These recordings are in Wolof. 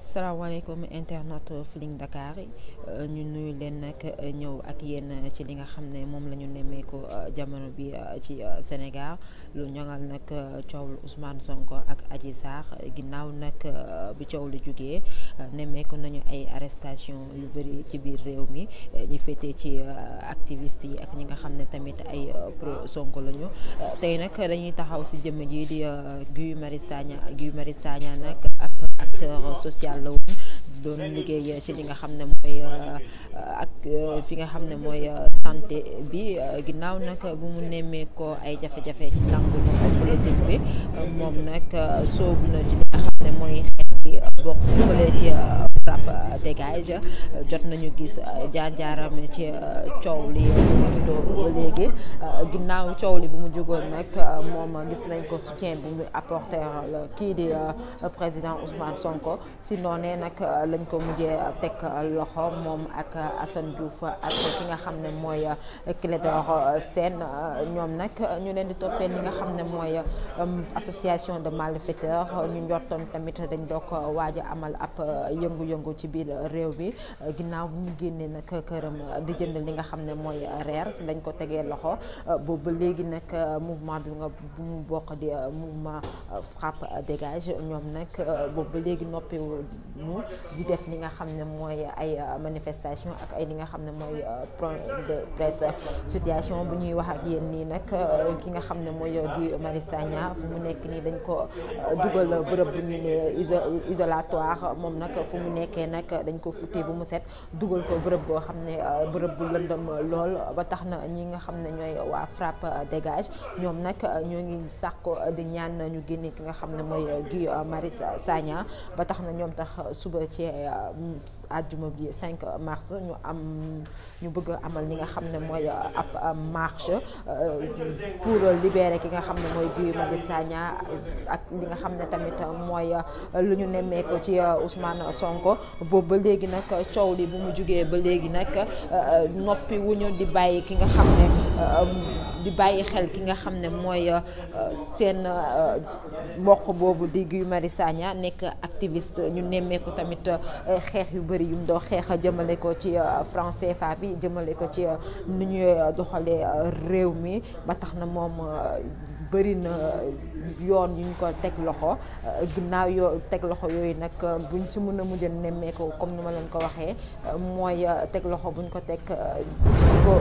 salaamaaleykum internet ndakaar Dakar euh, ñu nuyu leen nag euh, ñëw ak yéen ci li nga xam ne moom la ñu nemmeeku euh, jamono bi ci Sénégal lu ñoŋal nag coowlu Ousmane Sonko ak aji saax ginnaaw nag bi coow lu jugee nemmeeku nañu ay arrestation yu bëri ci biir réew mi ñu féetee ci activiste yi ak ñi nga xam ne tamit ay pro Sonko lañu tey nag dañuy taxaw si jëmm ji di Guy Marius Sagna Guy Marius Sagna nag ab acteur sociale la woon doon liggéey ci li nga xam ne mooy euh, ak euh, fi nga xam ne mooy euh, santé bi ginnaaw nag bu mu nemmee ko ay jafe-jafe ci làngu politique moom nag soobu na ci li nga xam ne mooy bi euh, bokk fële ci euh, rap euh, dégage jot nañu gis jaar-jaaram ci coow li mu tuddoo ba léegi ginnaaw coow li bu mu jógoon nag moom gis nañ ko soutien bi mu apporter kii di président Ousmane Sonko si noonee nag lañ ko mujjee teg loxo moom ak Assane Diouf nga xam ne mooy ñoom nag ñu leen di toppee li nga xam ne mooy association de malfaiteurs ñu njortoon tamit dañ doon doog waaj a amal ab uh, yëngu-yëngu ci biir réew uh, bi ginnaaw bu mu génnee nag këram uh, di jënd li nga xam ne mooy reer si lañ ko tegee loxo boobu ba léegi nag mouvement bi nga bu mu bokk di mouvement xàpp dégage ñoom nag boobu ba léegi noppiwu ñu di def li nga xam ne mooy ay manifestation ak li nga xam ne mooy point de presse situation bu ñuy wax ak yéen nii nag ki nga xam ne mooy Guy Marius Sagna fu mu nekk nii dañ ko dugal bërëb bu ñu ne isolatoire moom nag fu mu nekkee nag dañ ko futtee bu mu set dugal ko bërëb boo xam ne euh, bërëb bu lëndëm lool ba tax na ñi nga xam ne ñooy waa frappe dégage ñoom nag ñoo ngi sàkko di ñaan na ñu génne ki nga xam ne mooy Guy Marius Sagna ba tax na ñoom tax suba ci euh, àjjuma bi 5 mars ñu am ñu bëgg amal li nga xam ne mooy ab marche euh, pour libérer ki nga xam ne mooy Guy Marius Sagna ak li nga xam ne tamit mooy ñu nemmeeku ci euh, Ousmane Sonko boobu ba léegi nag coow li bu mu jugee ba léegi nag euh, noppi wuñu di bàyyi ki nga xam ne euh, di bàyyi xel ki nga xam ne mooy seen mboq boobu di Guy Marius Sagna nekk activist ñu nemmeeku tamit euh, xeex yu bëri yum doo xeex jëmale ko ci euh, franc CFA bi jëmale ko ci euh, ni ñuy doxalee réew mi ba tax na moom bëri na yoon yu ñu ko teg loxo ginnaaw yoo teg loxo yooyu nag buñ ci mën a mujj nemmeeku comme ni ma leen ko waxee mooy teg loxo buñ ko teg ko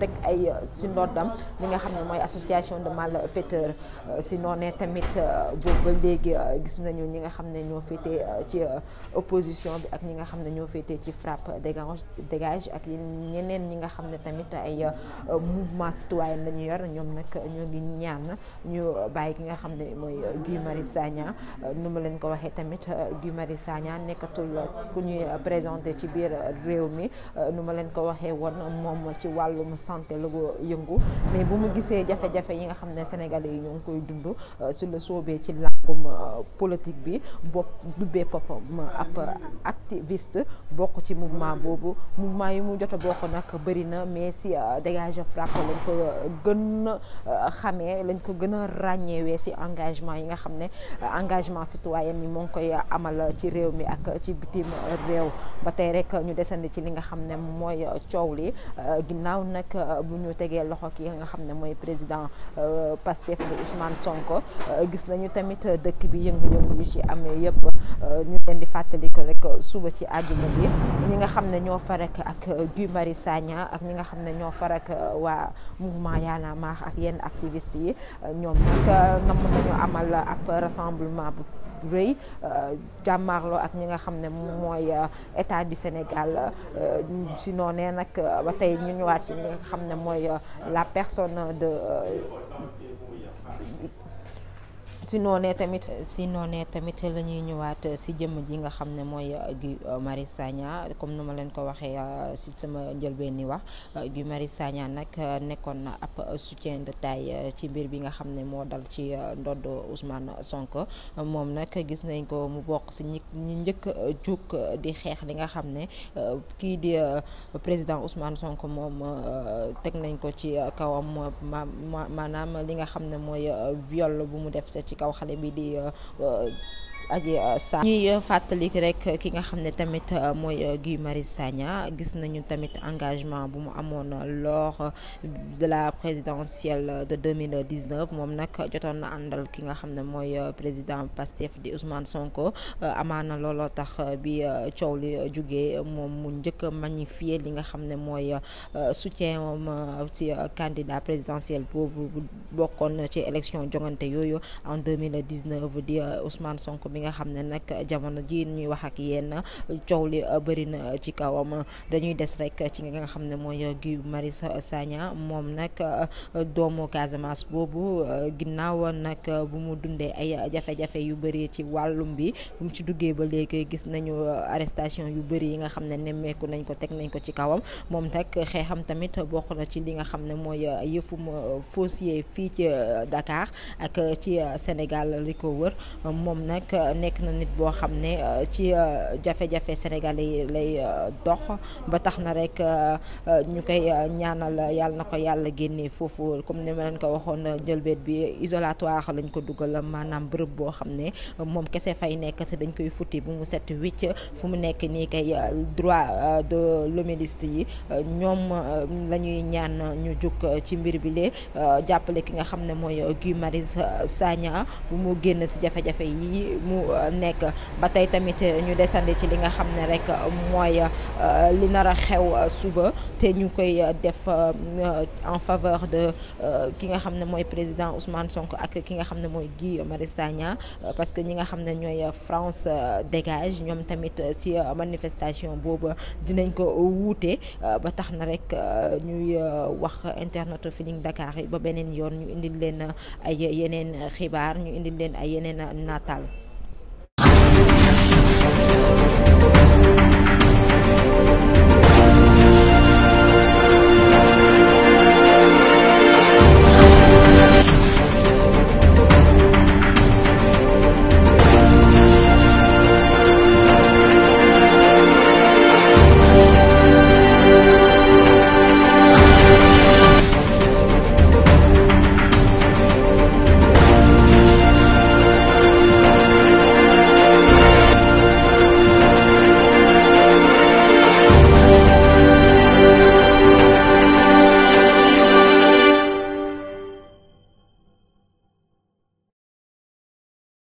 teg ay si ndoddam li nga xam ne mooy association de malfaiteurs si noonee tamit boobu ba léegi euh, gis nañu ñi nga xam ne ñoo féetee euh, ci euh, opposition bi ak ñi nga xam ne ñoo féetee ci frappe dégage dégage ak ñeneen ñi nga xam ne tamit ay mouvement citoyen lañu yor ñoom nag ñoo ngi ñaan ñu bàyyi ki nga xam ne mooy Guy Marius Sagna nu ma leen ko waxee tamit Guy Marius Sagna nekkatul ku ñuy présenté ci biir réew mi nu ma leen ko waxee woon moom ci wàllum santé la ko yëngu mais bu mu gisee jafe-jafe yi nga xam ne Sénégalais yi ñoo ngi koy dund sur le sóobee ci làmb mbokkum euh, politique bi bopp dubbee boppam euh, ab activiste bokk ci mouvement boobu mouvement yi mu jot a bokk nag bëri na mais si euh, dégage frappe lañ ko gën a xamee lañ ko gën a ràññeewee si engagement yi nga xam ne engagement citoyen mi moo ngi koy amal ci réew mi ak ci bitim réew ba tey rek ñu desandi ci li nga xam ne mooy coow li ginnaaw nag bu ñu tegee loxo ki nga xam ne mooy président Pastef Ousmane Sonko gis nañu tamit dëkk bi yëngu-yëngu yi amee yëpp euh, ñu leen di fàttali ko rek euh, suba ci àjjuma bi ñi nga xam ne ñoo fa rek ak euh, Guy Marius Sagna ak ñi nga xam ne ñoo fa waa mouvement Y'en ak yenn activiste yi ñoom nag namm nañu amal ab rassemblement bu rëy jàmmaarloo ak ñi nga xam ne mooy état du Sénégal si noonee nag ba tey ñu ñëwaat si ñi nga xam ne mooy la personne de si noonee tamit si noonee tamit la ñuy ñëwaat si jëmm ji nga xam ne mooy Guy maris Sagna comme nu ma leen ko waxee si sama njëlbeen ni wax Guy Marius Sagna nag nekkoon na ab soutien de taille ci mbir bi nga xam ne moo dal ci ndodd Ousmane Sonko moom nag gis nañ ko mu bokk si ñi ñi njëkk jug di xeex li nga xam ne kii di président Ousmane sonk moom teg nañ ko ci kawam maanaam li nga xam ne mooy viol bu mu def ci kaw xale bi di euh, euh, Adji Sarr ñuy fàttali rek ki nga xam ne tamit euh, mooy euh, Guy Marius Sagna gis nañu tamit engagement bu mu amoon lors de la présidentielle de 2019 moom nag jotoon na àndal ki nga xam ne mooy euh, président Pastef di Ousmane Sonko amaana looloo tax bi coow li jugee moom mu njëkk a magnifier li nga xam ne mooy soutien moom ci candidat présidentiel boobu bokkoon ci élection jongante yooyu en 2019 di Ousmane Sonko bi nga xam ne nag jamono ji ñuy wax ak yéen coow li uh, bëri na uh, ci kawam dañuy des rek ci nga xam ne mooy uh, Guy Marius Sagna moom nag doomu Casamance boobu ginnaaw nag bu mu dundee ay jafe-jafe yu bëri ci wàllum bi bu ci duggee ba léegi gis nañu arrestation yu bëri yi nga xam ne nemmeeku nañ ko teg nañ ko ci kawam moom nag xeexam tamit bokk na ci li nga xam ne mooy yëfum foncier fii ci Dakar ak ci Sénégal li ko wër moom nag nekk na nit boo xam ne euh, ci euh, jafe-jafe sénégal yi lay euh, dox ba tax na rek ñu koy ñaanal yàlla na ko yàlla génne foofu comme ni ma ko waxoon njëlbéet bi isolatoire lañ ko dugal maanaam bërëb boo xam ne moom kese fay nekk te dañ koy futti bu mu set wicc fu mu nekk nii kay droit de l'hommiste yi ñoom la ñuy ñaan ñu jug ci mbir bi lee jàppale ki nga xam ne mooy Guy Marius Sagna bu mu génn si jafe-jafe yi ñu nekk ba tey tamit ñu desandi ci li nga xam ne rek mooy euh, li nar a xew euh, suba te ñu koy def euh, en faveur de ki nga xam ne mooy président Ousmane Sonko ak ki nga xam ne mooy Guy Marius parce que ñi nga xam ne ñooy France dégage ñoom tamit si manifestation booba dinañ ko wuute ba tax na rek ñuy wax internet Feeling Dakar yi ba beneen yoon ñu indi leen ay yeneen xibaar ñu indi leen ay yeneen nataal